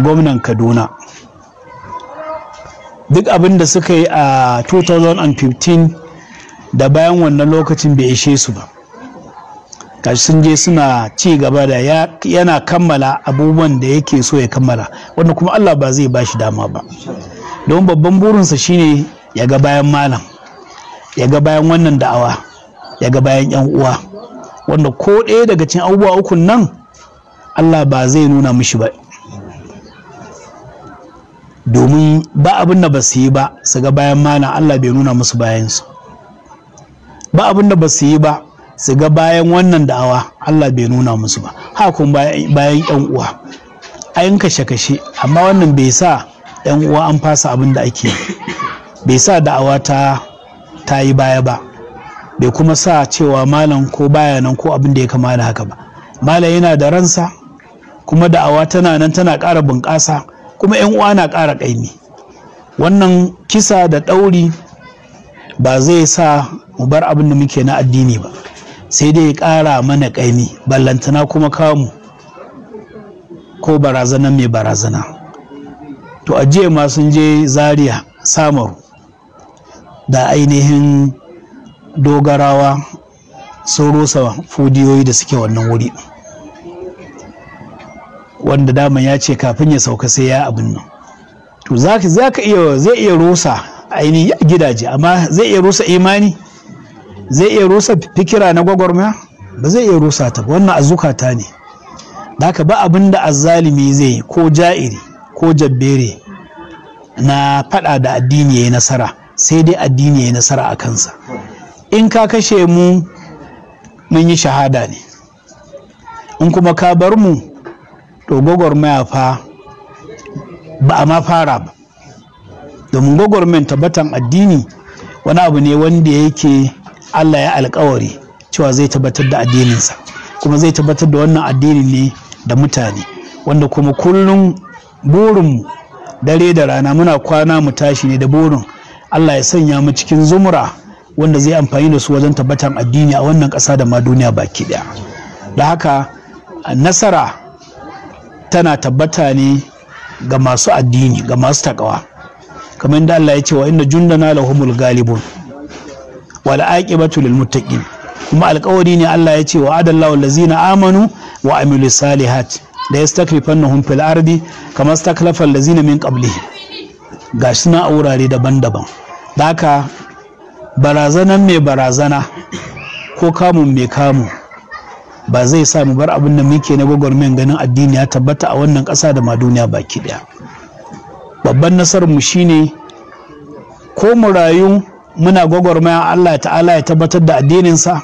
gwamnan kaduna duk abin da suka yi a 2015 da bayan wannan lokacin bai ishe su ba kashi sun je suna ci gaba da yana kammala abubuwan da yake so ya kammala wanda kuma allah ba zai ba shi dama ba don babban burinsa shine ya ga bayan malam ya ga bayan wannan da'awa ya ga bayan yan uwa wanda ko ɗaya daga cikin abubuwa ukun nan allah ba zai nuna mishi ba abin da ba su yi ba su ga bayan mana Allah bai nuna musu bayansu ba abin da ba su yi ba su ga bayan wannan da'awa Allah bai nuna musu ba hakun bayan yan uwa ayin kashe kashe amma wannan bai sa yan uwa an fasa abin da ake bai sa da'awa ta yi baya ba bai kuma sa cewa malam ko baya ko abin da ya kama da haka ba malam yana da ransa kuma da'awa tana nan tana ƙara bunƙasa kuma 'yan uwa na ƙara ƙaimi wannan kisa da ɗauri ba zai sa mu bar abin da muke na addini ba sai dai ya ƙara mana ƙaimi ballantana kuma kamu ko barazana mai barazana to ajiye ma sun je zaria samaru da ainihin dogarawa sun rusa fudiyoyi da suke wannan wuri wanda daman ya ce kafin ya sauka sai ya abin nan to za iya zai iya rusa ainihin gidaje amma zai iya rusa imani zai iya rusa fikira na gwagwarmaya ba zai iya rusa ta wannan azukata ne da haka ba abin da azzalimi zai ko ja'iri ko jabbere na fada da addini ya yi nasara sai dai addini ya yi nasara a kansa in ka kashe mu mun yi shahada ne in kuma ka bar mu to gwagwarmaya fa ba a ma fara ba domin gwagwarmen tabbatan addini wani abu ne wanda yake allah ya alkawari cewa zai tabbatar da addininsa kuma zai tabbatar da wannan addini ne da mutane wanda kuma kullum burin dare da rana muna kwana mu tashi ne da burin allah ya sanya mu cikin zumura wanda zai amfani da su wajen tabbatan addini a wannan ƙasa da ma duniya baki ɗaya da haka nasara tana tabbata ne ga masu addini ga masu takawa kamar da Allah ya ce wa inna jundana lahumul galibun wal aqibatu lil muttaqin kuma alkawari ne Allah ya ce wa adallahu allazina amanu wa amilu salihat da yastaklifannahum fil ardi kama staklafa allazina min qablihim gashi na a wurare daban-daban da haka barazanan mai barazana ko kamun mai kamu ba zai sa mu bar abin da muke na gwagwarmayar ganin addini ya tabbata a wannan ƙasa da ma duniya baki ɗaya babban nasararmu shine ko mu rayu muna gwagwarmayar Allah ta'ala ya tabbatar da addininsa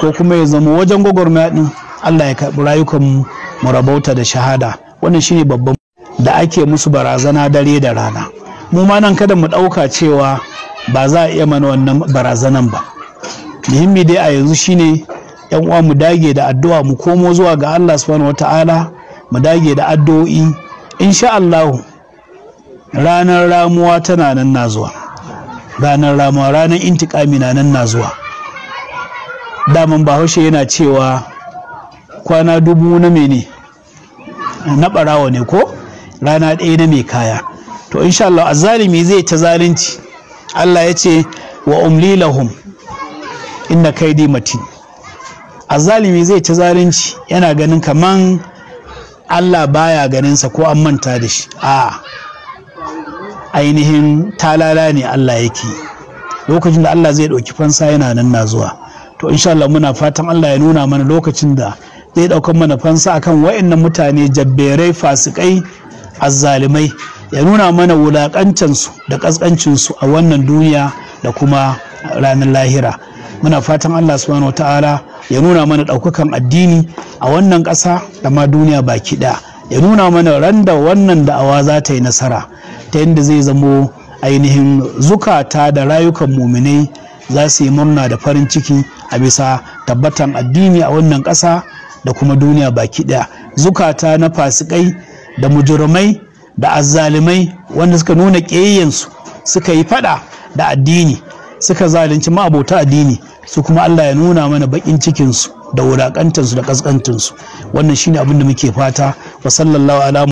ko kuma ya zama wajen gwagwarmaya din Allah ya karɓi rayukanmu mu rabauta da shahada wannan shine babban da ake musu barazana dare da rana mu ma nan kada mu ɗauka cewa ba za a iya mana wannan barazanan ba muhimmi dai a yanzu shine yan uwa mu dage da addu'a mu komo zuwa ga Allah subhanahu wata'ala mu dage da addu'o'i insha Allah ranar ramuwa tana nan na zuwa ranar ramuwa ranar intikami na nan na zuwa daman bahaushe yana cewa kwana dubu na mene na barawo ne ko rana ɗaya na mai kaya to insha Allah azalimi zai ta zalunci Allah ya ce wa umli lahum inna kaidi matin azalimi zai ci zalunci yana ganin kaman allah baya ganinsa ko an manta da shi a ainihin talala ne allah yake lokacin da allah zai ɗauki fansa yana nan na zuwa to insha allah muna fatan allah ya nuna mana lokacin da zai ɗaukan mana fansa akan wa'annan mutane jabberai fasikai azzalimai ya nuna mana wulaƙancinsu da ƙasƙancinsu a wannan duniya da kuma ranar lahira muna fatan Allah subhanahu ta'ala ya nuna mana ɗaukakan addini a wannan ƙasa da ma duniya baki ɗaya ya nuna mana randa wannan da'awa za ta yi nasara ta yadda zai zamo ainihin zukata da rayukan muminai za su yi murna da farin ciki a bisa tabbatan addini a wannan ƙasa da kuma duniya baki ɗaya zukata na fasikai da mujurmai da azzalimai wanda suka nuna ƙeyyansu suka yi fada da addini suka zalunci ma'abota addini su kuma Allah ya nuna mana bakin cikinsu da wulakantarsu da kaskantarsu wannan shine abin da muke fata wa sallallahu ala